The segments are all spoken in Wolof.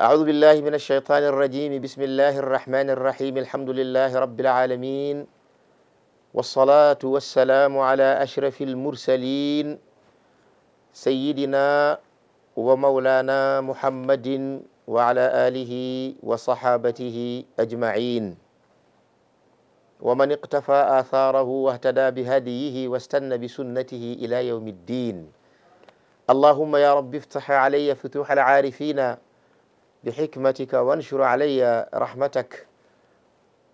أعوذ بالله من الشيطان الرجيم بسم الله الرحمن الرحيم الحمد لله رب العالمين والصلاة والسلام على أشرف المرسلين سيدنا ومولانا محمد وعلى آله وصحابته أجمعين ومن اقتفى آثاره واهتدى بهديه واستنى بسنته إلى يوم الدين اللهم يا رب افتح علي فتوح العارفين بحكمتك وانشر علي رحمتك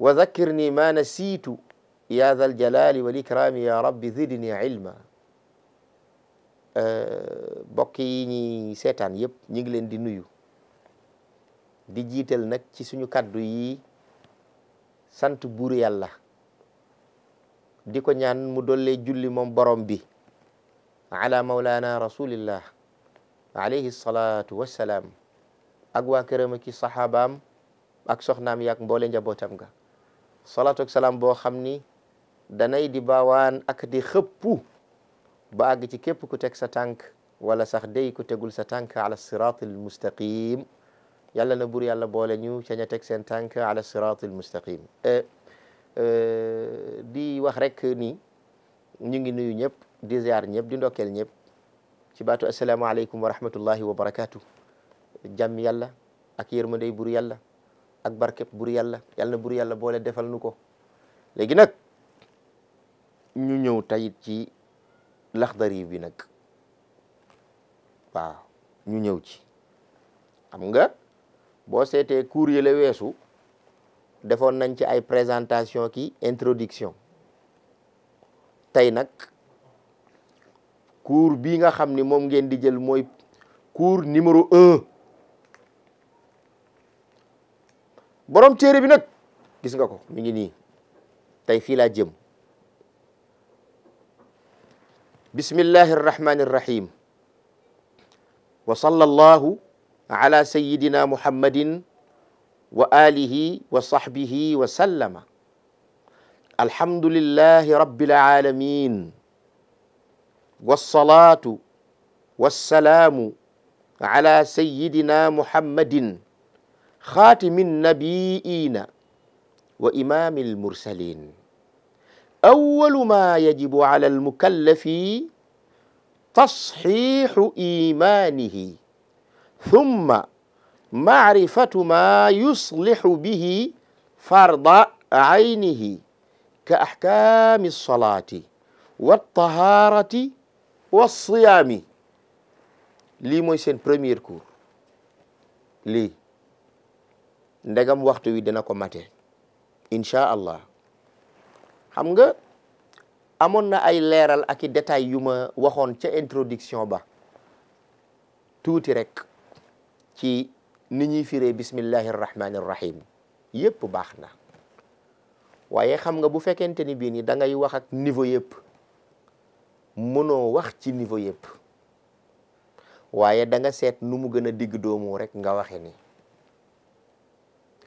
وذكرني ما نسيت يا ذا الجلال والإكرام يا رب زدني علما mbokk yi ñuy seetaan yëpp ñu ngi leen di nuyu di jiital nag ci suñu kàddu yi sant buur yàlla di ko ñaan mu dollee julli moom borom bi ala maulana rasulillah alayhi salaatu wassalaam ak waa këram ki saxaabaam ak soxnaam yaak mboole njabootam ga salaatu ak salaam boo xam ni danay di baawaan ak di xëppu ba àgg ci képp ku teg sa tànk wala sax day ku tegul sa tànk ala siratil mustaqim yàlla na bur yàlla boole ñu ca ña teg seen tànk ala siratil mustaqim e, e, di wax rek ni ñu ngi nuyu ñëpp di ziar ñëpp di ndokkeel ñëpp ci baatu asalaamaaleykum wa rahmatullahi wa barakatuh jàmm yàlla ak yërmandey bur yàlla ak barkeb bur yàlla yàlla na bur yàlla boole defal nu ko léegi nag ñu ñëw tayit ci Laxdari bi nag waaw ñu ñëw ci xam nga boo seetee cours yi weesu defoon nañ ci ay présentation ki introduction tey nag cours bi nga xam ni moom ngeen di jël mooy cours numéro borom téere bi nag gis nga ko mi ngi nii tey fii laa jëm bismillahi arrahmani arrahim wa sallallahu ala sayidina muhammadin wa alihi wa sahbihi wa sallama alhamdulillahi rabbil alamin wassalatu wassalamu ala sayidina muhammadin khatimin nabiyina wa imamil mursalin awwalu ma yajibu ala almukallafi tasxiixu imanihi thumma macrifatu ma yuslixu bihi farda caynihi ka axkaami alsalaati waltahaarati walsiyaami lii mooy seen premier cours lii ndegam waxtu wi dina ko mate incha allah xam nga amoon na ay leeral ak i détails yu ma waxoon ca introduction ba tuuti rek ci ni ñuy firee bismillahi rahmani rahim yépp baax na waaye xam nga bu fekkente ni bii ni da ngay wax ak niveau yépp mënoo wax ci niveau yépp waaye danga seet nu mu gën a digg doomu rek nga waxe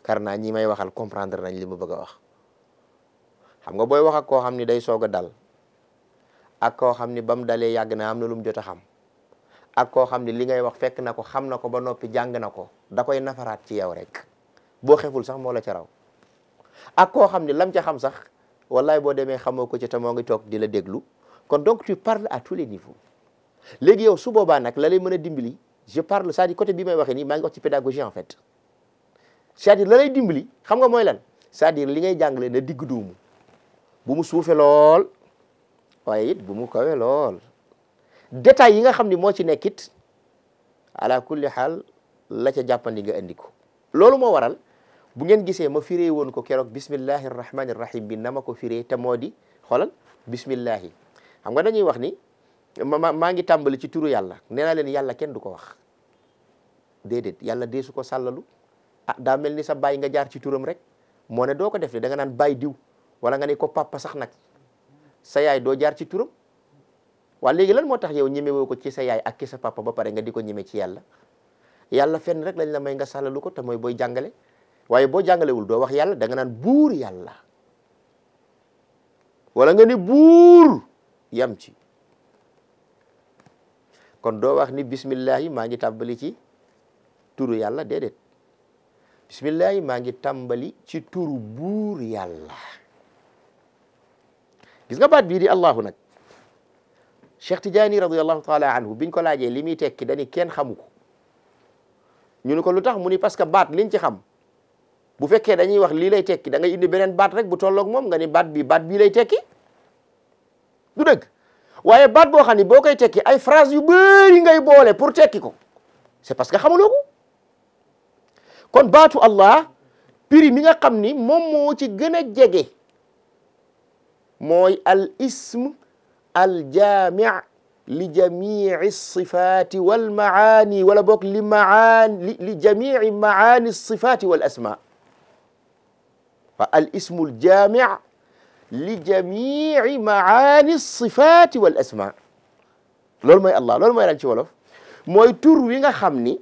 yaakaar naa ñi may waxal comprendre nañ li ma bëgg ga wax xam nga booy wax ak koo xam ni day soog a dal ak koo xam ni ba mu dalee yàgg na am na lu mu jot a xam ak koo xam ni li ngay wax fekk na ko xam na ko ba noppi jàng na ko da koy nafaraat ci yow rek boo xeful sax moo la ca raw ak koo xam ni lam ca xam sax wallaay boo demee xamoo ko ci te moo ngi toog di la déglu kon donc tu parles à tous les niveaux léegi yow su boobaa nag la lay mën a dimbali je parle cest bi may waxee nii maa ngi wax c'est-à-dire la lay dimbali xam nga mooy lan c'est-à-dire li ngay jàngale na digg duumu bu mu suufe lool waaye it bu mu kawe lool détails yi nga xam ni moo ci nekkit ala kulli xaal la ca jàppandi nga indi ko loolu moo waral bu ngeen gisee ma firee woon ko keroog bismillahi rahmani rahim bi na ma ko firee te moo di xoolal bismillahi xam nga dañuy wax ni ma maa ngi tàmbali ci turu yàlla nena leen yàlla kenn du ko wax déedéet yàlla deesu ko sallalu ah daa mel ni sa baay nga jaar ci turam rek moo ne doo ko def danga naan baay diw wala nga ne ko papa sax nag sa yaay doo jaar ci turam waa léegi lan moo tax yow ñeme woo ko ci sa yaay ak ki sa papa ba pare nga di ko ñeme ci yàlla yàlla fenn rek lañ la may nga sàllalu ko te booy jàngale waaye boo jàngalewul doo wax yàlla da nga naan buur yàlla walla nga ni buur yam ci kon doo wax ni bismillahi maa ngi tàbbali ci turu yàlla déedéet bismillahi maa ngi tàmbali ci turu buur yàlla gis nga baat bii di allahu nag Cheikh Tidiane radiyallahu taala anhu biñ ko laajee li muy tekki dañi kenn xamu ko ñu ne ko lu tax mu ni parce que baat liñ ci xam bu fekkee dañuy wax lii lay tekki da ngay indi beneen baat rek bu tolloog moom nga ni baat bi baat bii lay tekki du dëgg waaye baat boo xam ne boo koy tekki ay phrase yu bëri ngay boole pour tekki ko c'est parce que xamuloo kon baatu allah prix mi nga xam ni moom moo ci gën a jege mooy al ism al jaamic li jamici sifaati wal macaani wala li macaani li jamici macaani ismu al jaamic li jamici macaani wal asmaa mooy allah loolu mooy lan ci wolof mooy tur wi nga xam ni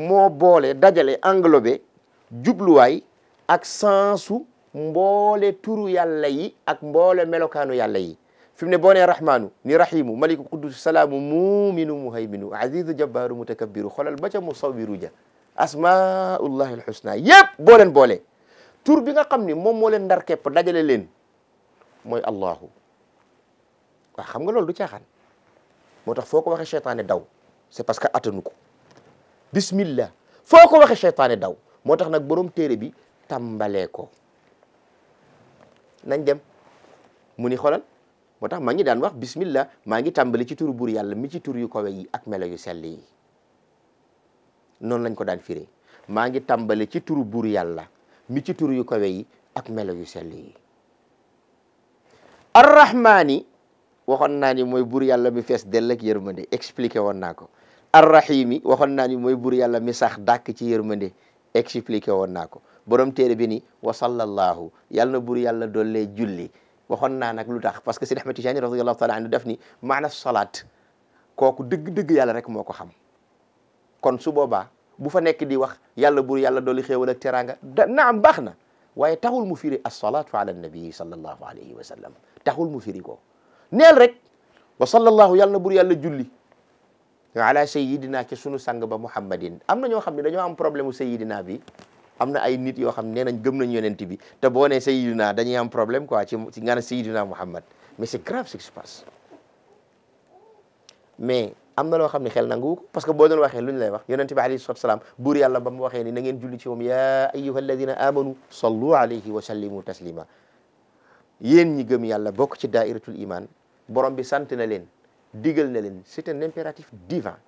moo boole dajale englobé jubluwaay ak sensu mboole turu yàlla yi ak mboole melokaanu yàlla yi fi mu ne boo nee rahmaanu ni rahimu maliku quddus salaamu muminu muhayminu azizu jabbaaru mutakabbiru xolal ba ca musawiru ja asmaullahi alxusna yépp boo leen boole tur bi nga xam ni moom moo leen ndar képp dajale leen mooy allahu waaw xam nga loolu du caaxaan moo tax foo ko waxee cheytaane daw c'est parce que attanu ko bismillah foo ko waxe seytaane daw moo tax nag borom téere bi tambale ko nañ dem mu ni xoolal moo tax maa ngi daan wax bismillah maa ngi tàmbali ci turu buur yàlla mi ci tur yu kawe yi ak melo yu sell yi noonu lañ ko daan firee maa ngi tàmbali ci turu buur yàlla mi ci tur yu kawe yi ak melo yu sell yi arrahmaani waxoon naa ni mooy buur yàlla mi fees dell ak yërmande expliqué woon naa ko arrahimi waxoon naa ni mooy buur yàlla mi sax dàkk ci yërmande expliqué woon naa ko borom téere bi ni wa sallallahu yàlla na buur yàlla doollee julli waxoon naa nag lu tax parce que Sidi Ahmed Tijani radiyallahu taala anhu def ni maana salaat kooku dëgg-dëgg yàlla rek moo ko xam kon su boobaa bu fa nekk di wax yàlla buur yàlla dooli xéewal ak teraanga da naam baax na waaye taxul mu firi as-salaatu ala nabi sallallahu alayhi wa sallam taxul mu firi ko neel rek wa sallallahu yàlla na yàlla julli ala sayidina ci sunu sang ba muhammadin am na ñoo xam ne dañoo am problème mu sayidina bi am na ay nit yoo xam ne nee nañ gëm nañ yonent bi te boo nee sayidina dañuy am problème quoi ci nga ne sayidina muhammad mais c'est grave ce qui se passe mais am na loo xam ne xel nangu ko parce que boo doon waxee lu ñu lay wax yonent bi alayhi salaatu salaam buur yàlla ba mu waxee ni na ngeen julli ci moom yaa ayyuha alladina amanu sallu alayhi wa sallimu yéen ñi gëm yàlla bokk ci dairatul iman borom bi sant na leen digal na leen c'est un impératif divin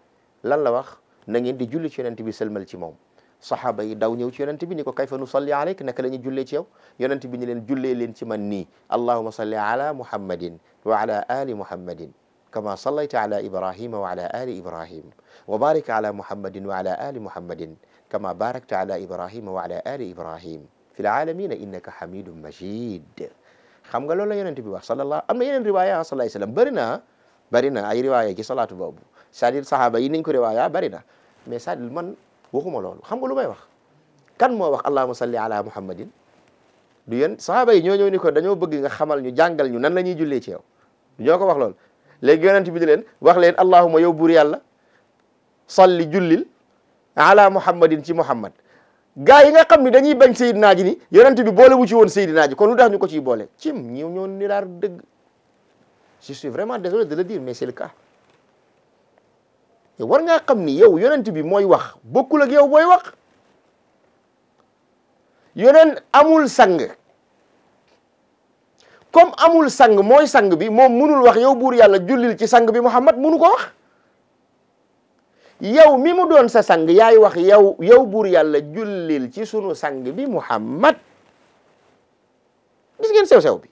lan la wax na ngeen di julli ci yonent bi sëlmal ci moom saxaaba yi daw ñëw ci yonent bi ni ko kayfa nu salli aleyk naka la ñuy jullee ci yow yonent bi ni leen jullee leen ci man nii allahuma salli ala muhammadin wa ala ali muhammadin kama sallayta ala ibrahima wa ala ali ibrahim wa barik ala muhammadin wa ala ali muhammadin kama barakta ala ibrahima wa ala ali ibrahim fi laalamina innaka hamidun majid xam nga loolu la yonent bi wax sallallahu am na yeneen riwaaya sallallahu alayhi wa sallam bëri na bari na ay riwaaya ci salaatu boobu c'est-à-dire saxaaba yi niñ ko riwaaya bari na mais c'est-à-dire man waxuma loolu xam lu may wax kan moo wax allahumma salli ala muhammadin du yéen saxaaba yi ñoo ñëw ni ko dañoo bëgg nga xamal ñu jàngal ñu nan la ñuy jullee ci yow ñoo ko wax loolu léegi yonent bi di leen wax leen allahumma yow buur yàlla salli jullil ala muhammadin ci muhammad gaa yi nga xam ni dañuy bañ sayidinaa ji ni yonent bi boole wu ci woon sayidinaa ji kon lu ñu ko ciy boole je suis vraiment désolé de le dire mais c'est le cas te war ngaa xam ni yow yonent bi mooy wax bokkul ak yow booy wax yonent amul sang comme amul sang mooy sang bi moom munul wax yow buur yàlla jullil ci sang bi Muhammad munu ko wax yow mi mu doon sa sang yaay wax yow yow buur yàlla jullil ci sunu sang bi Muhammad gis ngeen sew-sew bi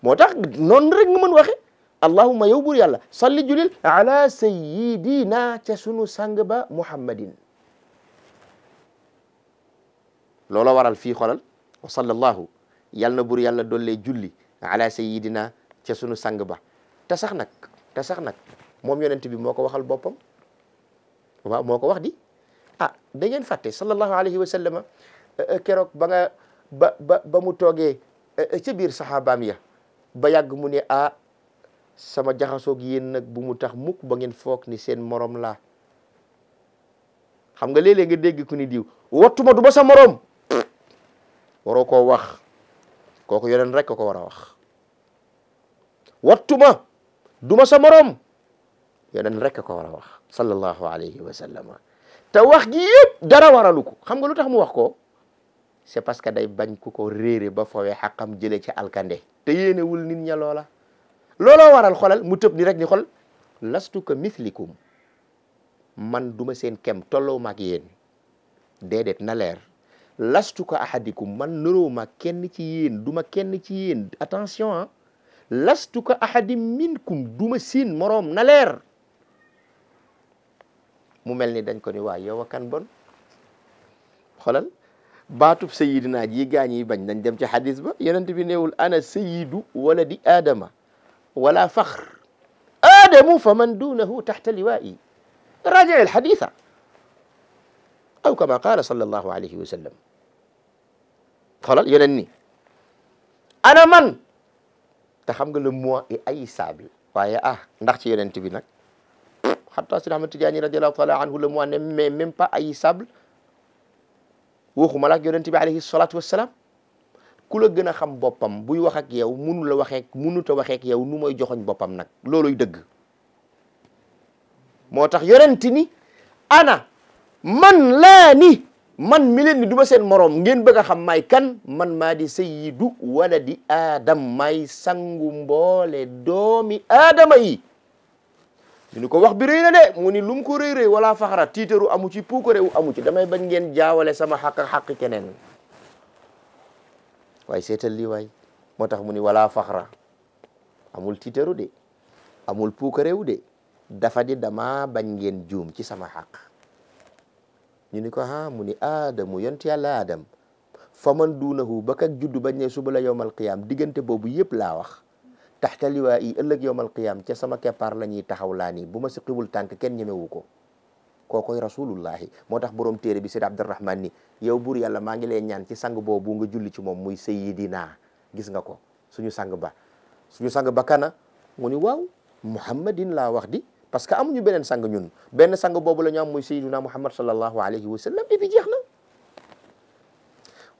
moo tax noonu rek nga mën waxe allahumma yow buur yàlla salli julil ala sayyidina ca sunu sang ba muhammadin loolo waral fii xolal wa sallallahu yàlla na buur yàlla dollee julli ala sayyidina ca sunu sang ba te sax nag sax nag moom yonent bi moo ko waxal boppam waaw moo ko wax di ah da ngeen fàtte sallallahu alayhi wa sallama eh, eh, keroog ba nga ba ba ba mu toogee eh, ca biir saxaabaam ya ba yàgg mu ne ah sama jaxasoog yéen nag bu mu tax mukk ba ngeen foog ni seen morom laa xam nga léeg-léeg nga dégg ni diw wattuma du ma sa morom waroo koo wax kooku yoneen rek ko ko war a wax wattuma du ma sa morom yoneen rek ko war a wax sallallahu alayhi wa sallam te wax gi yëpp dara waralu ko xam nga lu tax mu wax ko c'est parce que day bañ ku ko réere ba fowee xaqam jëlee ci alkande te yéenewul nit ña loola looloo waral xolal mu tëb ni rek ni xol lastu ka mislikum man duma seen kem tolloo maag yéen déedéet na leer lastu ka ahadikum man nuroo ma kenn ci yéen duma kenn ci yéen attention ah. lastu ka ahadi minkum duma siin moroom na leer mu mel ni dañ ko ni waa yow kan bon xolal baatub sayidina ji gaañ yi bañ nañ dem ci xadis ba yonent bi neewul ana sayidu wala di aadama wala faxr aadamu fa man duunahu taxta liwaa'i raaji al xadisa aw kama qaala sallallahu alayhi wa sallam xoolal yeneen ni ana man te xam nga le moi est haïssable waaye ah ndax ci yonent bi nag xataa Seydi Ahmad Tijaani radiyallahu taala anhu le moi n'est même waxuma la ak yonent bi alayhi salaatu wassalaam ku la gën a xam boppam buy wax ak yow munu la waxee munuta waxee ak yow nu mooy joxoñ boppam nag looluy dëgg moo tax yonent ni ana man laa ni man mi leen ni du ma seen moroom ngeen bëgg a xam may kan man maa di du wala di aadam may sangu mboole doomi aadama yi ñu ni ko wax bi rëy na de mu ni lum ko rëy rëy wala faxara tiitaru amu ci puukare wu amu ci damay bañ ngeen jaawale sama xaq ak xaq keneen waaye seetal lii waay moo tax mu ni wala faxara amul tiitaru de amul puukare wu de dafa di dama bañ ngeen juum ci sama xaq ñu ni ko ha ah, mu ni aadamu yonti yàlla aadam faman duunahu ba kak juddu bañ ne suba la yowmal qiyaam diggante boobu yëpp laa wax taxta liwaa yi ëllëg yowmal qiyaam ca sama keppaar la ñuy taxaw laa nii bu ma si xiwul tànk kenn ñemewu ko kookoy rasulullahi moo tax borom téere bi Seydi Abdurahman ni yow buur yàlla maa ngi lay ñaan ci sang boobu nga julli ci moom muy sayidina gis nga ko suñu sang ba suñu sang ba kana mu ni waaw muhammadin laa wax di parce que amuñu beneen sang ñun benn sang boobu la ñu am muy sayidina muhammad sallallahu alayhi wa sallam et puis jeex na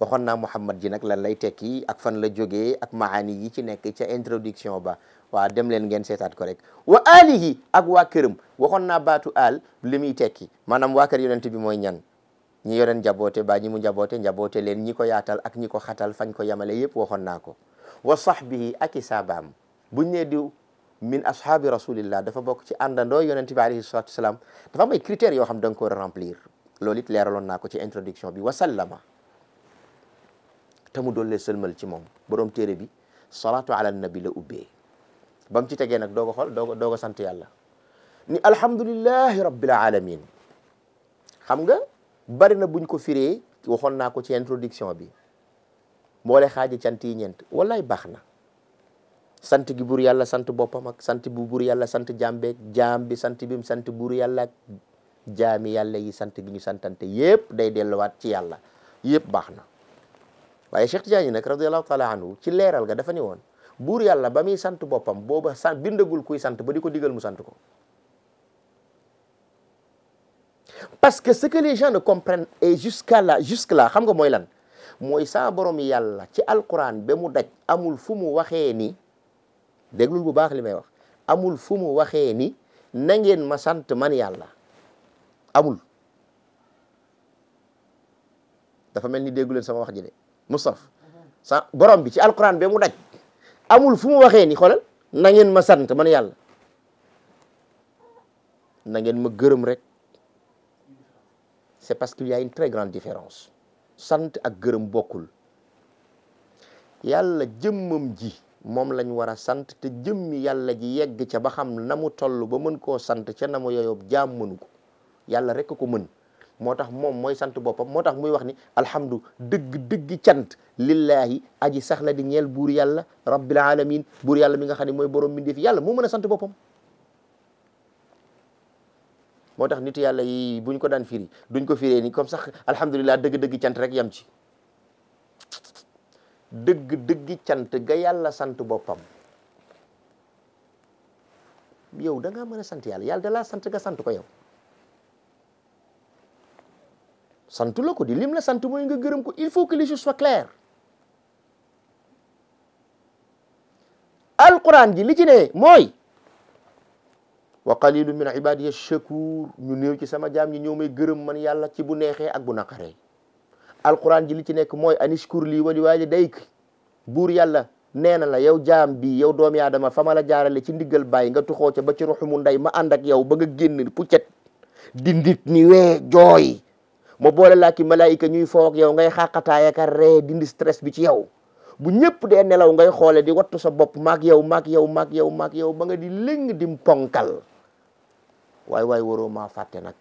waxoon naa Muhammad ji nag lan lay tekki ak fan la jógee ak maani yi ci nekk ca introduction ba waa dem leen ngeen seetaat ko rek wa alihi ak waa këram waxoon naa baatu al li muy tekki maanaam waa kër yonent bi mooy ñan ñi yoreen jaboote ba ñi mu njaboote njaboote leen ñi ko yaatal ak ñi ko xatal fañ ko yamale yëpp waxoon naa ko wa sahbihi ak i saabaam buñ ne diw min ashaabi rasulillah dafa bokk ci àndandoo yonent bi alayhi salatu wasalaam dafa am ay critères yoo xam da nga ko remplir loolu it leeraloon naa ko ci introduction bi wasallama te mu dollee sëlmal ci moom borom téere bi salaatu ala nabi la ubbee ba ci tegee nag doog a xool doog a doog a sant yàlla ni alhamdulillahi rabbil alamin xam nga bari na buñ ko firee waxoon naa ko ci introduction bi mboole xaaji sant yi ñeent wallaay baax na sant gi buur yàlla sant boppam ak sant bu buur yàlla sant jàmbeeg jaam bi sant bim sant buur yàlla ak jaami yàlla yi sant gi ñu santante yépp day delluwaat ci yàlla yépp baax na waaye Cheikh Tidiane nag radiallahu taala anhu ci leeral ga dafa ni woon buur yàlla ba muy sant boppam booba sant bindagul kuy sant ba di ko digal mu sant ko parce que ce que les gens ne comprennent et jusqu'à là là xam nga mooy lan mooy saa borom yàlla ci alquran ba mu daj amul fu mu waxee ni déglul bu baax li may wax amul fu mu waxee ni na ngeen ma sant man yàlla amul dafa mel ni déggu sama wax ji de Mustaf sa borom bi ci alquran be mu daj amul fu mu waxee ni xoolal nangeen ma sant man yàlla na ngeen ma gërëm rek c'est parce qu'il y a une très grande différence sant ak gërëm bokkul yàlla jëmmam ji moom lañ war a sant te jëmmi yàlla ji yegg ca ba xam na mu toll ba mën koo sant ca na mu yoyob jaam mënu ko yàlla rek ko mën moo tax moom mooy sant boppam moo tax muy wax ni alhamdu dëgg dëgg cant lillahi aji sax la di ñeel buur yàlla rabbil alamin buur yàlla mi nga xam ne mooy borom mi def yàlla moo a sant boppam moo tax nit yàlla yi buñ ko daan firi duñ ko firee ni comme sax alhamdulilah dëgg-dëgg cant rek yam ci dëgg dëgg cant ga yàlla sant boppam yow da ngaa mën a sant yàlla yàlla da sant nga sant ko yow sant la ko di lim la sant mooy nga gërëm ko il faut que les choses soient claires ji li ci ne mooy wa qalilun min ibadiya shakur ñu néew ci sama jaam ñi ñëw may gërëm man yàlla ci bu neexee ak bu naqaree alquran ji li ci nekk mooy anishkur lii wali waaji dayk buur yàlla nee na la yow jaam bi yow doomi aadama fa ma la jaarale ci ndiggal bàyyi nga tuxoo ca ba ci ruxumu ndey ma ànd ak yow ba nga génn puccet di ndit ni wee jooy ma boole laa ki malaayika ñuy foog yow ngay xaqataay ak ree dindi stress bi ci yow bu ñëpp dee nelaw ngay xoole di wattu sa bopp maak yow maak yow maak yow maak yow ba nga di léng dim ponkal waay waay waroo maa fàtte nag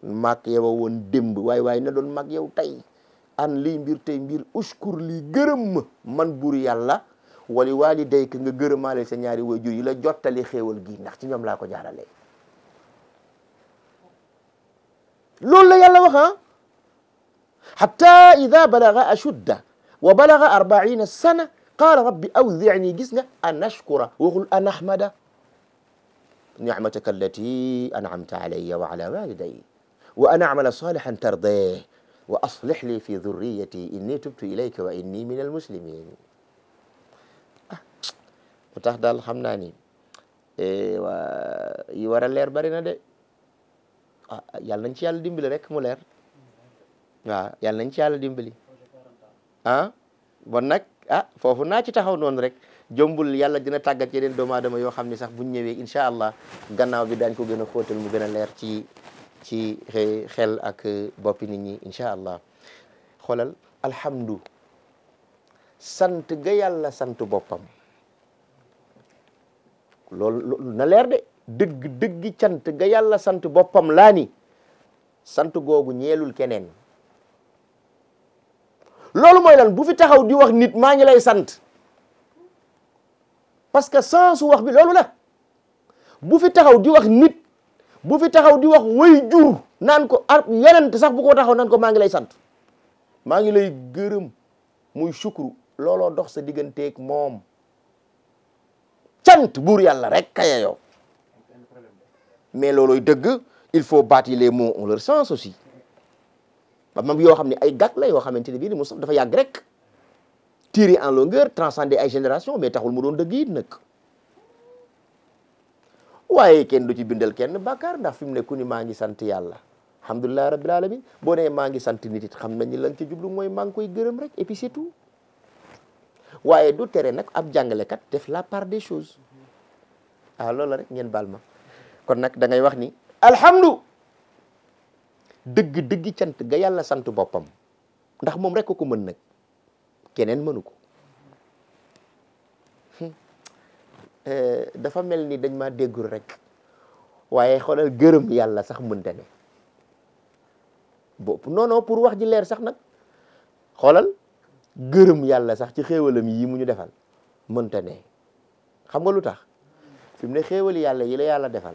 maak yow woon démb waay waay na doon maak yow tey an lii mbir tey mbir uskur lii gërëm ma man buur yàlla wali waali day ka nga gërëmaale sa ñaari waajur yi la jottali xéewal gi ndax ci ñoom laa ko jaarale loolu la yàlla ah. hatta ida balaga ashudda wa balaga arbaina sana qala rabbi awdicni gis nga an ashkura waxul an ahmada nicmataka allati ancamta alaya wa ala walidayi wa an acmala salihan tardeh wa aslix li fi dhurriyati inni tubtu ilayka wa inni min almuslimin mu ah, tax daal xam naa ni eh, waa yi war a leer bari na de ah yàlla nañ ci yàlla dimbali rek mu leer waaw yàlla nañ ci yàlla dimbali ah bon nag ah foofu naa ci taxaw noonu rek jombul yàlla dina tàggat yeneen doomu aadama yoo xam ne sax buñ ñëwee incha allah gannaaw bi daañ ko gën a xóotal mu gën a leer ci ci xel ak boppi nit ñi incha allah xoolal alhamdu sant ga yàlla sant boppam loolu leer de dëgg dëgg ga yàlla sant boppam laa ni sant googu ñeelul keneen loolu mooy lan bu fi taxaw di wax nit maa ngi lay sant parce que sensu wax bi loolu la bu fi taxaw di wax nit bu fi taxaw di wax way jur naan ko ar yeneen sax bu ko taxaw naan ko maa ngi lay sant maa ngi lay gërëm muy sukuru looloo dox sa digganteeg moom cant buur yàlla rek kaya yow mais loolooy dëgg il faut baat les mots en leur sens aussi ba mam yoo xam ne ay gàkk la yoo xamante ne bii li mu sof dafa yàgg rek tiré en longueur transcender ay génération mais taxul mu doon dëgg it nag waaye kenn du ci bindal kenn bàkkaar ndax fi mu ne ku ni maa ngi sant yàlla alhamdulilah rabbil alamin boo nee maa ngi sant nit it xam nañu lan ci jublu mooy maa ngi koy gërëm rek et puis waaye du tere nag ab jàngalekat def la part des choses ah loola rek ngeen baal ma kon nag da wax ni alhamdu dëgg dëgg cant ga yàlla sant boppam ndax moom rek ko mën nag keneen mënu ko hmm. eh, dafa mel ni dañ ma déggul rek waaye xoolal gërëm yàlla sax mënta ne bopp non non pour wax ji leer sax nag xoolal gërëm yàlla sax ci xéewalam yi mu ñu defal mënta ne xam nga lu tax fi mu ne xéewali yàlla yi la yàlla defal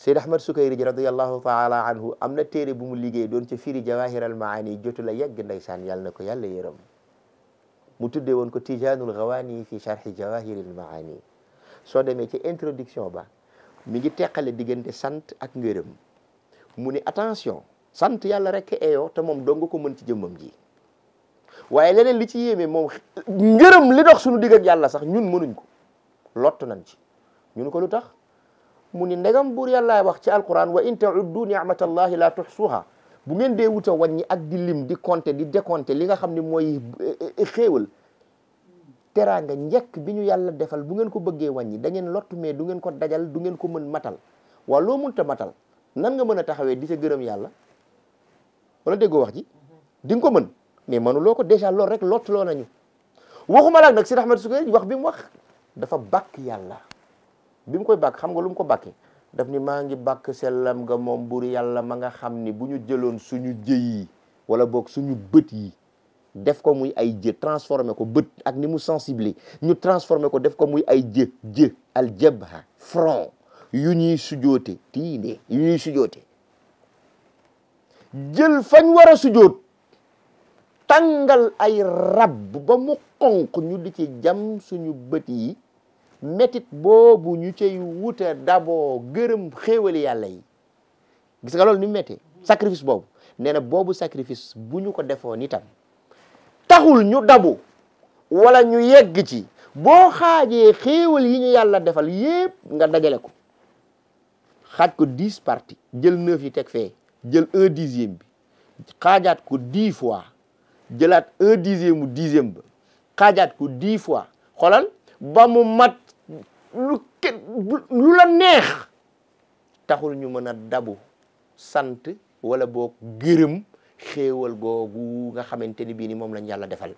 Seyd Ahmad Sukayri ji radiallahu taala am na téere bu mu liggéey doon ca firi jawahir al maani jotu la yegg saan yàlla na ko yàlla yërëm mu tuddee woon ko tijaanul gawaani fi charxi jawahir al maani soo demee ci introduction ba mi ngi teqale diggante sant ak ngërëm mu ni attention sant yàlla rek eeyoo te moom dong ko mën ci jëmmam ji waaye leneen li ci yéeme moom ngërëm li dox suñu digg ak yàlla sax ñun mënuñ ko lott nañ ci ko lu tax mu ni ndegam buur yàllaay wax ci alquran wa in tauddu nicmatallahi la tuxsuha bu ngeen dee wuta wàññi ak di lim di compter di décompter li nga xam ne mooy eh, eh, xéewal teraanga njëkk bi ñu yàlla defal bu ngeen ko bëggee wàññi da ngeen lott mais du ngeen ko dajal du ngeen ko mën matal waa loo mënta matal nan nga mën a taxawee di sa gërëm yàlla wala déggoo wax ji di ko mën mais mënuloo ko dèjà loolu rek lott loo nañu waxuma laak nag si rahmat sukay wax bi mu wax dafa bak yàlla bi mu koy bàkk xam nga lu mu ko bàkkee daf ni maa ngi bàkk sellam nga moom buur yàlla ma nga xam ni bu ñu jëloon suñu jëy yi wala boog suñu bët yi def ko muy ay jë transformé ko bët ak ni mu sensible ñu transformé ko def ko muy ay jë jë aljabha front yu ñuy sujoote tiine yu ñuy sujoote jël fañ war a sujoot tàngal ay rab ba mu xonq ñu di ci jam suñu bët yi métit boobu ñu cay wute d'abord gërëm xéewali yàlla yi gis nga loolu nu mu méttee boobu nee na boobu sacrifice bu ñu ko defoon itam taxul ñu dabu wala ñu yegg ci boo xaajee xéewal yi ñu yàlla defal yépp nga dajale ko xaaj ko dix parties jël neuf yi teg fee jël un dixième bi xaajaat ko dix fois jëlaat un dixième mu dixième ba xaajaat ko dix fois ba mu mat lu kenn lu la neex taxul ñu mën a dabu sant wala boog gërëm xéewal googu nga xamante ni bii ni moom lañ yàlla defal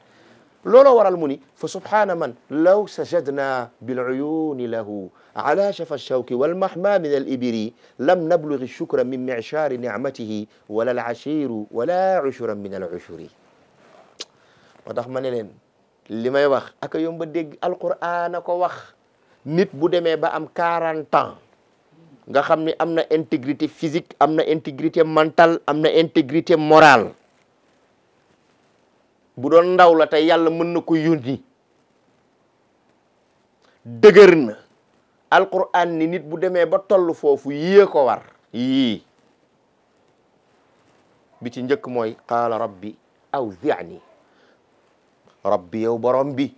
looloo waral mu ni fa subhaana man law sajadna bil uyuni lahu ala shafa shawki wal mahma min al ibiri lam nablughi shukra min mi'shari ni'matihi wala al ashiru wala ushuran min al ushuri moo tax ma ne leen li may wax aka yomba dégg alquraan a ko wax nit bu demee ba am 40 ans nga xam ni am na intégrité physique am na intégrité mentale am na intégrité moral bu doon ndaw la te yàlla mën na ko yónni dëgër na alquran ni nit bu demee ba toll foofu yée ko war yii bi ci njëkk mooy qaala rabbi awzi'ni rabbi yow borom bi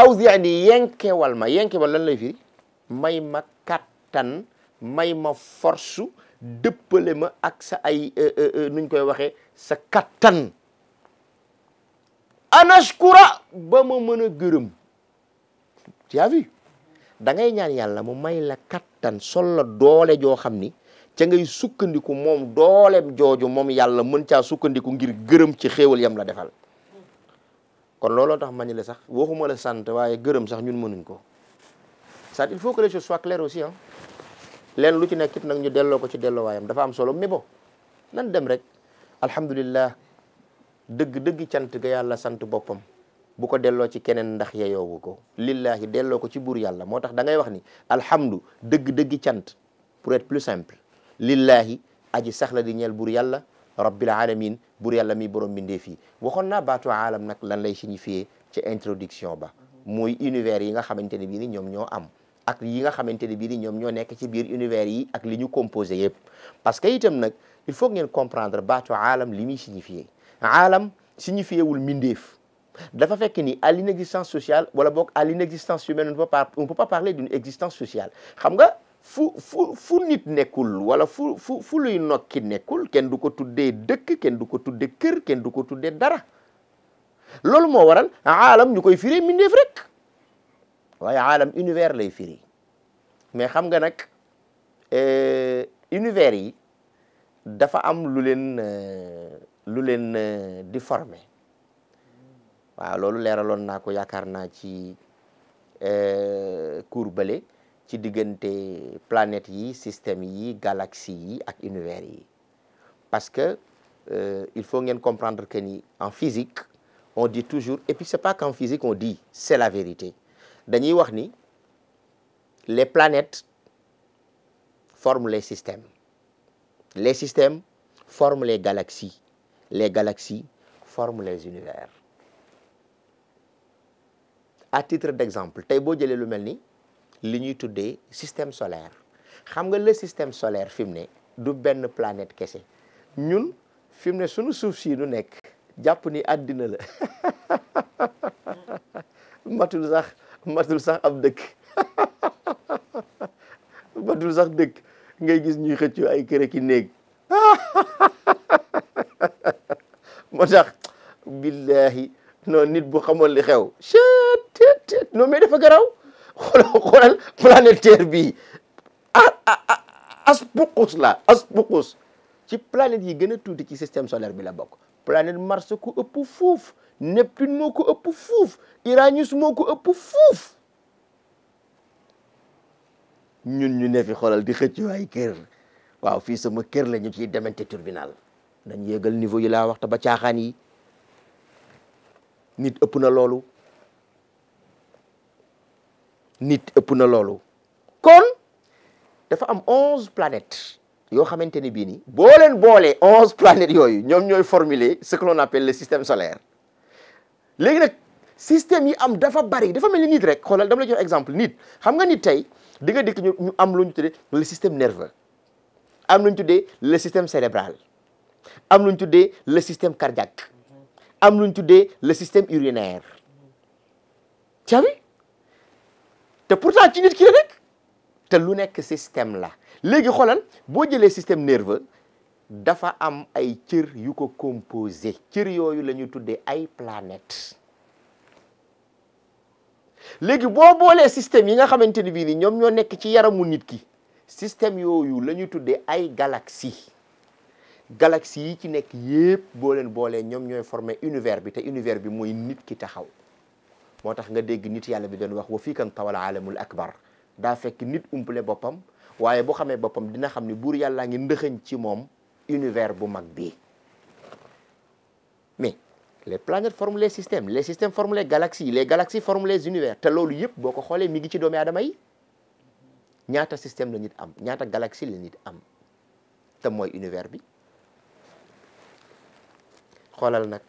aw ni yenkewal ma yenkewal lan lay firi may ma kattan may ma force dëppale ma ak sa ay euh, euh, euh, nuñ koy waxee sa kattan anashkura ba ma mën a gërëm tu as vu ñaan yàlla mu may la kattan sol la doole joo xam ni ca ngay sukkandiku moom doole jooju moom yàlla mën caa sukkandiku ngir gërëm ci xéewal yam la defal kon looloo tax ma ñu la sax waxuma la sant waaye gërëm sax ñun mënuñ ko sax il faut que les choses soient claires aussi ah leen lu ci nekk nag ñu delloo ko ci delloowaayam dafa am solo mais bon nan dem rek alhamdulillah dëgg dëgg cant ga yàlla sant boppam bu ko delloo ci keneen ndax yeyoowu ko lillahi delloo ko ci buur yàlla moo tax da ngay wax ni alhamdu dëgg dëgg cant pour être plus simple lillahi aji saxla di ñeel buur yàlla rabbil alamin buur yàlla mi borom bindee fii waxoon naa baatu aalam nag lan lay signifier ci introduction ba muy univers yi nga xamante ne bii ni ñoom ñoo am ak yi nga xamante ne bii ni ñoom ñoo nekk ci biir univers yi ak li ñu composé yëpp parce que itam nag il faut ngeen comprendre baatu aalam li muy signifier aalam signifier wul mbindeef dafa fekk ni à l'inexistence sociale wala boog à l'inexistence humaine on peut pas on peut parler d'une existence sociale xam nga fu fu fu nit nekkul wala fu fu fu luy nokki nekkul kenn du ko tudde dëkk kenn du ko tuddee kër kenn du ko tuddee dara loolu moo waral alam ñu koy firee mindeef rek waaye aalam univers lay firi mais xam nga nag eh, univers yi dafa am lu leen eh, lu leen eh, di former waaw loolu leeraloon naa ko yaakaar naa ci cours bële ci diggante planètes yi systèmes yi galaxies yi ak univers yi parce que euh, il faut ngeen comprendre que ni en physique on dit toujours et puis c'est pas qu'en physique on dit c'est la vérité dañuy wax ni les planètes forment les systèmes les systèmes forment les galaxies les galaxies forment les univers à titre d'exemple tey boo jëlee lu mel ni li ñuy tuddee système solaire xam nga le système solaire fi mu ne du benn planète kese ñun fi mu ne suñu suuf sii nu nekk jàpp ni àddina la matul sax matul sax ab dëkk matul sax dëkk ngay gis ñuy xëccoo ay kër ki néeg moo tax billahi noonu nit bu xamoon li xew chet tet noonu mais dafa garaw xoolal xoolal planétaire bi as pukus la as pukus ci planète yi gën a tuuti ci système solaire bi la bokk planète Mars ko ëpp fuuf Neptune moo ko ëpp fuuf Uranus moo ko ëpp fuuf ñun ñu ne fi xoolal di xëccu ay kër waaw fii sama kër la ñu ciy demante tribunal dañ yéegal niveau yi laa waxta ba caaxaan yi nit ëpp na loolu nit ëpp na loolu kon dafa am onze planètes yoo xamante ni bii nii boo boolee onze planètes yooyu ñoom ñooy formuler ce que l'on appelle le système solaire léegi nag système yi am dafa bari dafa mel ni nit rek xoolal dama la jox exemple nit xam nga nit tey di nga dikk ñu am lu ñu tuddee le système nerveux am lu ñu tuddee le système cérébral am lu ñu tuddee le système cardiaque lu ñu tuddee le système urinaire te pourtant ci nit ki la nekk te lu nekk système la léegi xoolal boo jëlee système nerveux dafa am ay cër yu ko composé cër yooyu lañuy tudde ay planètes léegi boo boolee système yi nga xamante ni bii ni ñoom ñoo nekk ci yaramu nit ki système yooyu la ñu tuddee ay galaxies galaxies yi ci nekk yépp boo leen boolee ñoom ñooy former univers bi te univers bi mooy nit ki taxaw moo tax nga dégg nit yàlla bi doon wax wa fii kan tawal aalamul akbar daa fekk nit umpale boppam waaye boo xamee boppam dina xam ni buur yàlla ngi ndëxëñ ci moom univers bu mag bii mais le planet forment les systèmes les systèmes forment les galaxies les galaxies forment te loolu yëpp boo ko xoolee mi ngi ci doomi aadama ñaata système la nit am ñaata galaxie la nit am te mooy univers bi xoolal nag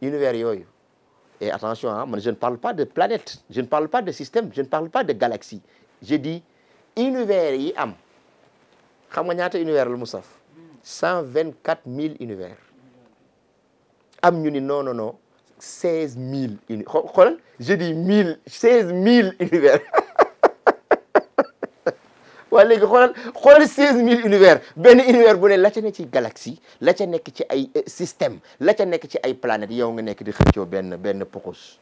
univers yooyu et attention ah man je ne parle pas de planète je ne parle pas de système je ne parle pas de galaxie je dis univers yi am xam nga ñaata univers la mu cent vingt quatre mille univers am ñu ni non non non mille uni xoolal je dis mille seize mille univers waa léegi xoolal xoolal seize mille univers benn univers bu ne la ca ne ci la ca nekk ci ay euh, système la ca nekk ci ay planètes yow nga nekk di xëccoo benn benn pokos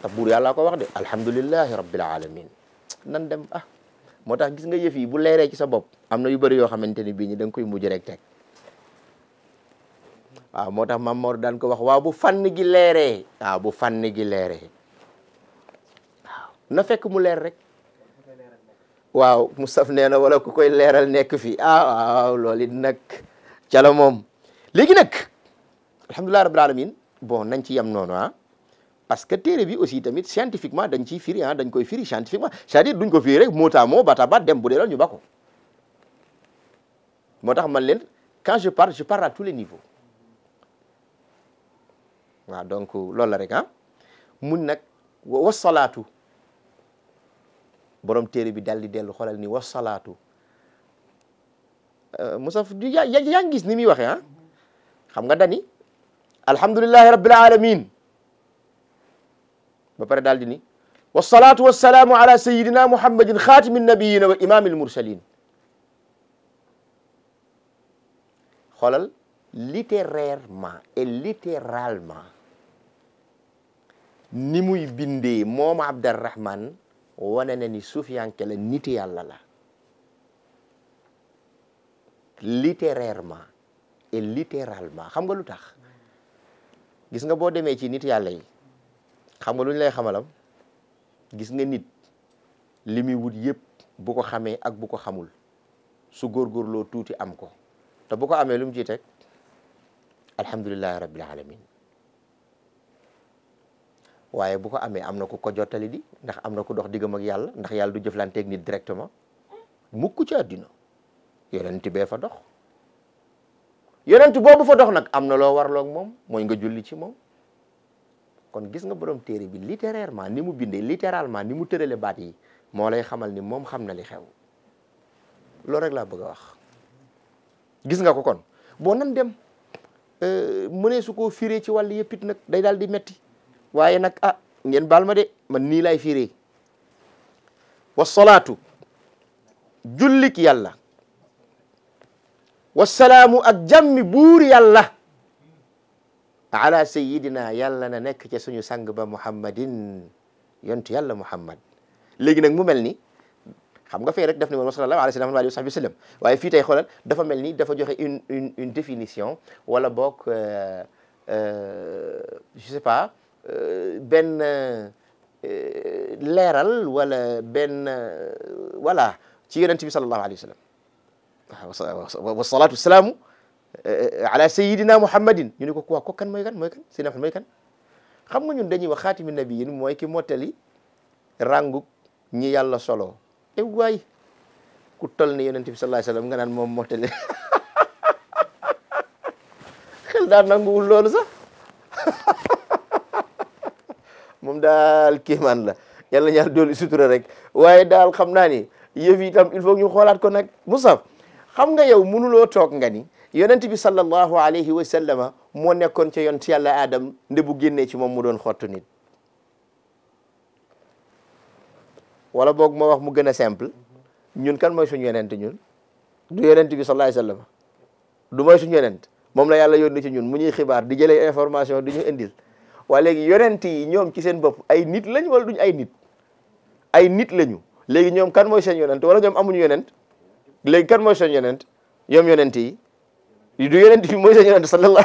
tax buur ko wax de alhamdulillahi rabbil alamin nan dem ah moo tax gis nga yëf bu leeree ci sa bopp am na yu bari yoo xamante ni bii ñi da koy mujj rek teg waaw moo tax Maam Mor daan ko wax waaw bu fànn gi leeree waaw bu fànn gi leeree na fekk mu leer rek waaw Moustapha nee na wala ku koy leeral nekk fii ah waaw loolu it nag ca la moom léegi nag alhamdulilah rabbil alamin bon nañ ci yem noonu ah parce que téere bi aussi tamit scientifiquement dañ ciy firi ah dañ koy firi scientifiquement c'est-à-dire duñ ko firi rek mot à ba bata bat dem bu dee loolu ñu ba ko moo tax man leen quand je parle je parle à tous les niveaux waaw donc loolu la rek ah mun nag wasalaatu borom téere bi daldi dellu xoolal ni wasalaatu euh, Musaf du yaa yaa ngi gis ni muy waxee ah xam nga dani alhamdulillahi rabbil alamin ba pare daal ni wasalaatu wasalaamu ala sayidina muhammadin xaatimi nabiyina wa imami almursalin xoolal littérairement et littéralement ni muy bindee moom Abdarrahman wane na ni suufiyanke la niti yàlla la littérairement et littéralement xam nga lu tax gis nga boo demee ci nit yàlla yi xam nga lu ñu lay xamalam gis nga nit li muy wut yëpp bu ko xamee ak bu ko xamul su góorgóorloo tuuti am ko te bu ko amee lu mu ciy teg alhamdulillahi rabbil alamin waaye bu ko amee am na ku ko jottali di ndax am na ku dox diggam ak yàlla ndax yàlla du jëflanteeg nit directement mukk ci àddina yonent bee fa dox yonent boobu fa dox nag am na loo warloog moom mooy nga julli ci moom kon gis nga borom téere bi littérairement ni mu bindee littéralement ni mu tërale baat yi moo lay xamal ni moom xam na li xew loolu rek la bëgg a wax gis nga ko kon boo nan dem euh, mënee su koo firee ci wàll yëpp it nag day daal di metti waaye nag ah ngeen baal ma de man nii laay firee wa salaatu jullik wa wasalaamu ak jàmmi buur yàlla ala sayidina yàlla na nekk ca suñu sang ba muhammadin yontu yàlla muhammad léegi nag mu mel ni xam nga fee rek daf ne wa alihi wa sahbihi waaye fii tey xoolal dafa mel ni dafa joxe une une une wala boog euh, euh, je sais pas Euh, benn euh, leeral wala benn euh, voilà ci yonent bi sallallahu alayhi wa sallam waaw wasalaatu wasalaamu ala muhammadin ñu ko kuwaa ko kan mooy kan mooy kan sayidina kan xam nga ñun dañuy wax xaatimi nabiyin mooy ki mottali ràngub ñi yàlla solo e waay ku tol ni yonent bi sallallahu nga naan moom mottali xel daa nanguwul loolu sax moom daal kéemaan la yalla ñaar doolu sutura rek waaye daal xam naa ni yëf yi itam il faut ñu xoolaat ko nag Musaf xam nga yow mënuloo toog nga ni ti bi sallallahu alayhi wa sallama moo nekkoon ca yonent yàlla Adam nde bu génnee ci moom mu doon xottu nit wala boog moo wax mu gën a simple ñun kan mooy suñu yonent ñun du yonent bi sallallahu alayhi wa sallam du mooy suñu yonent moom la yàlla yónni ci ñun mu ñuy xibaar di jëlee information di ñu indil waa léegi yonent yi ñoom ci seen bopp ay nit lañu wala duñ ay nit ay nit lañu léegi ñoom kan mooy seen yonent wala ñoom amuñu yonent léegi kan mooy seen yonent ñoom yonent yi du yonent bi mooy seen yonent sallallahu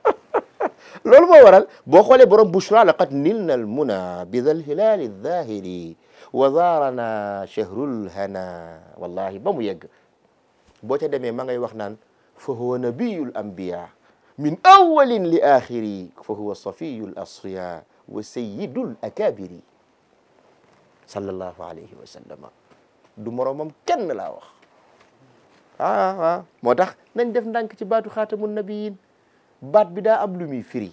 loolu moo waral boo xoolee borom bushra laqad nilna al muna bi dal hilali zahiri wa zaarana shahrul hana wallahi ba mu yegg boo ca demee ma ngay wax naan fa huwa nabiyul anbiya min awalin li axiri fa huwa safiyu l asfiya wa sayidu l akabiri sallallahu alayhi wa sallama du moroomam kenn laa wax ah, ah moo tax nañ def ndànk ci baatu xaatamun nabiyin baat bi daa am lu muy firi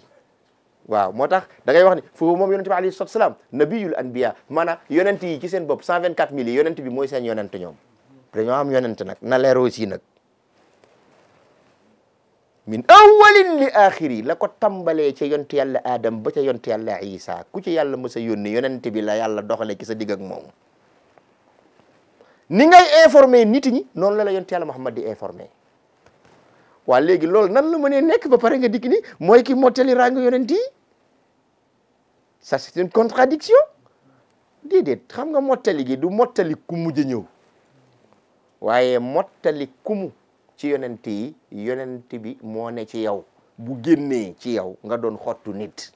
waaw moo tax da ngay wax ni foofu moom yonente bi alayhi salatu salaam nabiyul anbiya maanaam yonan yi ci seen bopp cent vingt quatre mille yi bi mooy seen yonent ñoom dañoo am yonent nag na leer si nag min awwalin li axiri la ko tàmbalee ca yontu yàlla Adam ba ca yontu yàlla Isa ku ci yàlla mës a yónni yonent bi la yàlla doxalee ki sa digga ak moom ni ngay informé nit ñi noonu la la yontu yàlla Muhammad di informé waa léegi loolu nan la mënee nekk ba pare nga dikk ni mooy ki mottali rang yonent yi ça c'est une contradiction déedéet xam nga mottali gi du mottali ku mujj ñëw waaye mottali kumu ci yonent yi yonent bi moo ne ci yow bu génnee ci yow nga doon xottu nit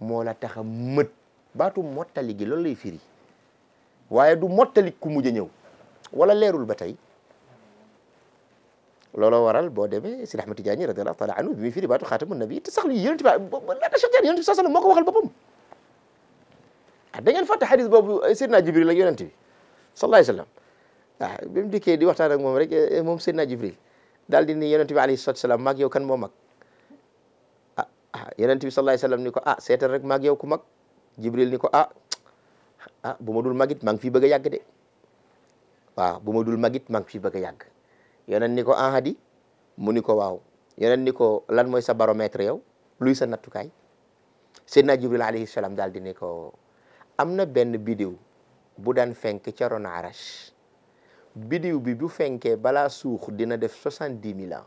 moo la tax a mët baatu mottali gi loolu lay firi waaye du mottali ku mujj a ñëw wala leerul ba tey looloo waral boo demee Sidi Ahmad Tijaani radiyallahu taala anhu bi muy firi baatu xaatamu nabi te sax li yonent bi laata Cheikh Tijaani yonent bi sallallahu moo ko waxal boppam ah da ngeen fàtte xadis boobu Seydina Jibril la yonent bi sallallahu alayhi ah bi mu dikkee di waxtaan ak moom rek eh, moom Seydina Jibril daal di ni yonent bi alayhi salaatu salaam maag yow kan moo mag ah ah yonent bi sallallahu alayhi ni ko ah seetal rek maag yow ku mag Jibril ni ko ah, ah bu ma dul magit maa ngi fii bëgg a yàgg de bu ma dul magit ngi fii bëgg a yàgg yonent ni ko ahadi ah, mu ni ko waaw yonent ni ko lan mooy sa baromètre yow luy sa nattukaay Seydina Jibril alayhi salaam daal di ni ko am na benn bidéw bu daan fenk ca ron arash bidiw bi bu fenkee balaa suux dina def soixante dix mille ans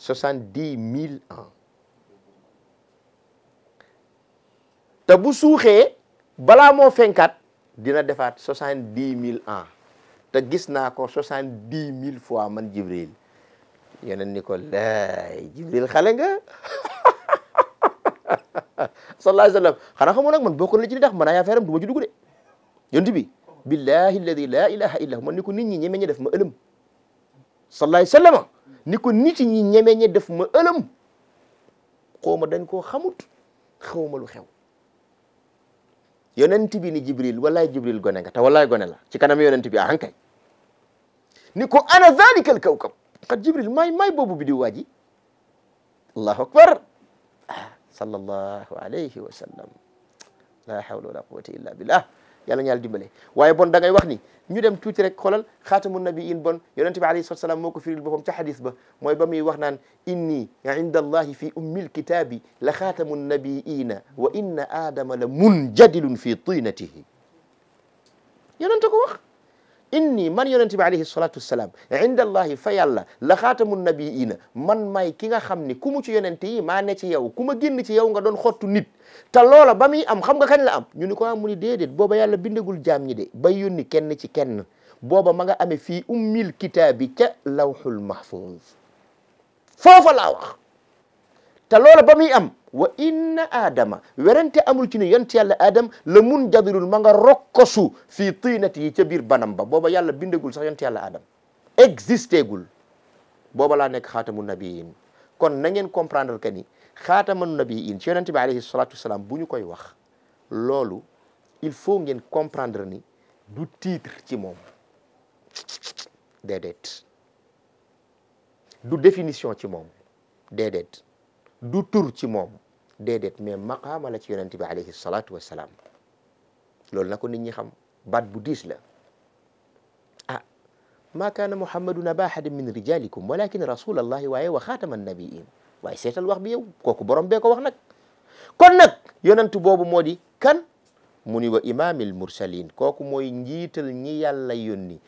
soixante dix mille ans te bu suuxee balaa moo fenkaat dina defaat soixante dix mille ans te gis naa ko soixante dix mille fois man Jibril yeneen ni ko laay Jibril xale nga sallallahu alayhi wa sallam xanaa xamoo nag man bokkoon na ci li tax man ay affaire am du ma ci dugg de yonent bi billahi alladi la ilaha illa hu ni nit ñi ñeme ñe def ma ëlëm sallallahu alayhi wasallam ni ko nit ñi ñeme ñe def ma ëlëm xaw ma dañ koo xamut xaw ma lu xew yonent bi ni jibril wallaay jibril gone nga te wallaay gone la ci kanam yonent bi ahankay ni ko ana zalikal kawkab xat jibril maay maay boobu bi di waaji allahu akbar ah, sallallahu alayhi wa sallam la hawla wala quwwata illa billah yàlla ñu yàlla dimbale waaye bon da ngay wax ni ñu dem tuuti rek xoolal xaatamu nabiyin bon yonente bi alayhi salaam moo ko firil boppam ca xadis ba mooy ba muy wax naan inni inda allahi fi ummil kitaabi la xaatamu nabiyiina wa inna aadama la munjadilun fi tinatihi yonente ko wax inni man yonente bi alayhi salatu wassalam inda allahi fa yàlla la xaatamu nabiina man may ki nga xam ni ku mu ci yonente yi ma ne ci yow ku ma génn ci yow nga doon xottu nit te loola ba muy am xam nga kañ la am ñu ni ko ah, mu ni booba yàlla bindagul jàm ñi de bay yónni kenn ci kenn booba ma nga amee fii ummil kitaabi ca lawxul mahfuz foofa laa wax te loola ba muy am wa inna adama werante amul ci ne yonent yàlla adam la mun jadirul ma nga rokkosu fii tiinati yi ca biir banam ba booba yàlla bindagul sax yonent yàlla adam existé gul booba laa nekk xaatamu nabiyin kon na ngeen comprendre que ni xaatamu nabiyin ci yonent bi alayhi salatu wasalaam bu ñu koy wax loolu il faut ngeen comprendre ni du titre ci moom déedéet du définition ci moom déedéet du tur ci moom déedéet mais maqaama la ci yonent bi alayhi salaatu wassalaam loolu na ko nit ñi xam baat bu diis la ah maa kaana muhammadun aba ahadin min rijalikum walakin rasulallahi waaye wa xaatama annabiin waaye seetal wax bi yow kooku borom bee ko wax nag kon nag yonent boobu moo di kan mu ni wa imaamil mursalin kooku mooy njiital ñi yàlla yónni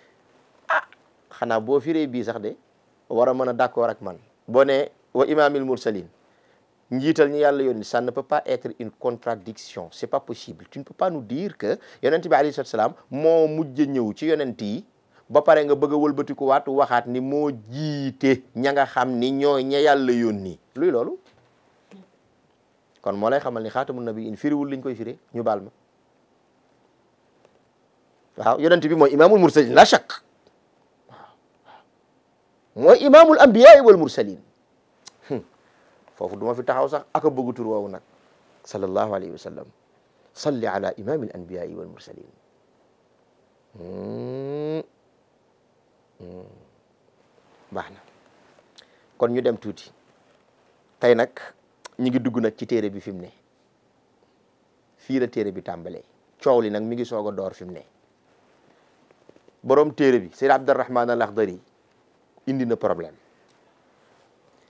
a ah, xanaa boo firee bii sax de war a mën a d'accord ak man boo ne wa imaamil mursalin njiital ñi yàlla yónni ça ne peut pas une contradiction c'est pas possible tu ne peux pas nous que yonent bi alayhi salaam moo mujj ñëw ci yonent yi ba pare nga bëgg a wëlbatiku waatu waxaat ni moo jiite ña nga xam ni ñoo ña yàlla yónni luy loolu kon moo lay xamal ni xaatamu nabi in firiwul liñ koy firee ñu baal ma waaw bi mooy imaamul mursalin la shakk waaw mooy imaamul ambiyaa wal mursalin hmm. foofu duma ma fi taxaw sax aka bëgg tur woowu nag sallallahu alayhi wa sallam salli ala imamil anbiyaai wal mursalin hmm. Hmm. baax na kon ñu dem tuuti tey nag ñu ngi dugg nag ci téere bi fi mu ne fii la téere bi tàmbalee coow li nag mi ngi soog a door fi mu ne borom téere bi Seyd Abdurrahman al Akhdari indi na problème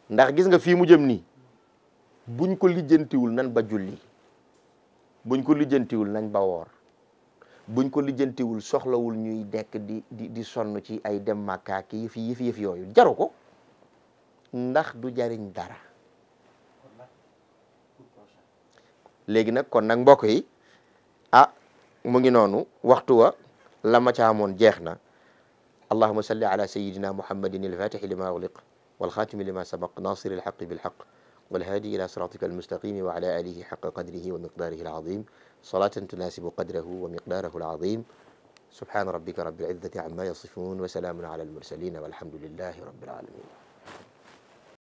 ndax gis nga fii mu jëm nii buñ ko lijjantiwul nañ ba julli buñ ko lijjantiwul nañ ba woor buñ ko lijjantiwul soxlawul ñuy dekk di di sonn ci ay dem màkkaa ki yëf yëf yëf yooyu jaru ko ndax du jariñ dara léegi nag kon nag mbokk yi ah mu ngi noonu waxtu wa la ma ca amoon na allahuma salli ala sayidina muhammadin alfatixi lima uliq walxaatimi lima sabaq nasiri alxaqi bilxaq والهادي إلى صراطك المستقيم وعلى آله حق قدره ومقداره العظيم صلاة تناسب قدره ومقداره العظيم سبحان ربك رب العزة عما يصفون وسلام على المرسلين والحمد لله رب العالمين